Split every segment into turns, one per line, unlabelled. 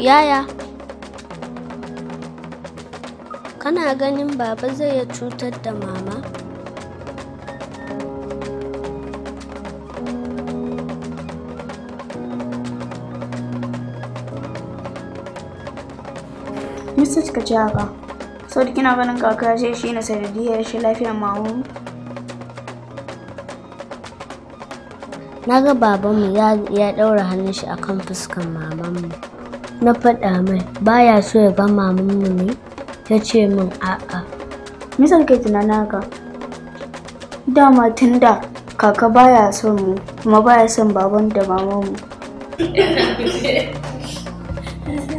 Yaya, kana ganin baba zai ya cutar da mama? yusuf ka ci haka sau da kina ganin kaka ce shi na sanadiyar shi lafiyar mamu na ga babanmu ya ɗaura hannun shi akan fuskan mu. na faɗa mai baya so ya ba mamanmu ne ta ce min a'a misal kai tunanin haka dama tun da kaka baya son mu kuma baya son baban da mu.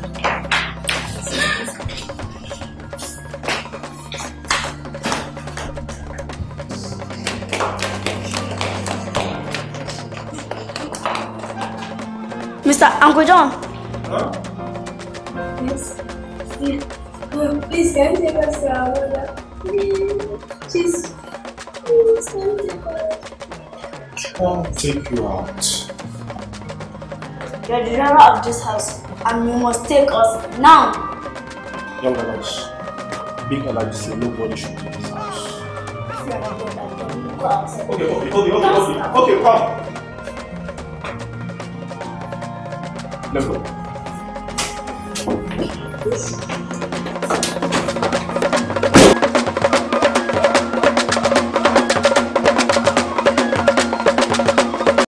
Mr. Uncle John. Huh? Oh, please, can you take us to our mother? Please. Please, can you take us? I'll take you out. You're the driver of this house, and you must take us now. Young adults, big allergy say nobody should leave this house. Okay, okay, okay, okay, okay, okay, come. Não. go.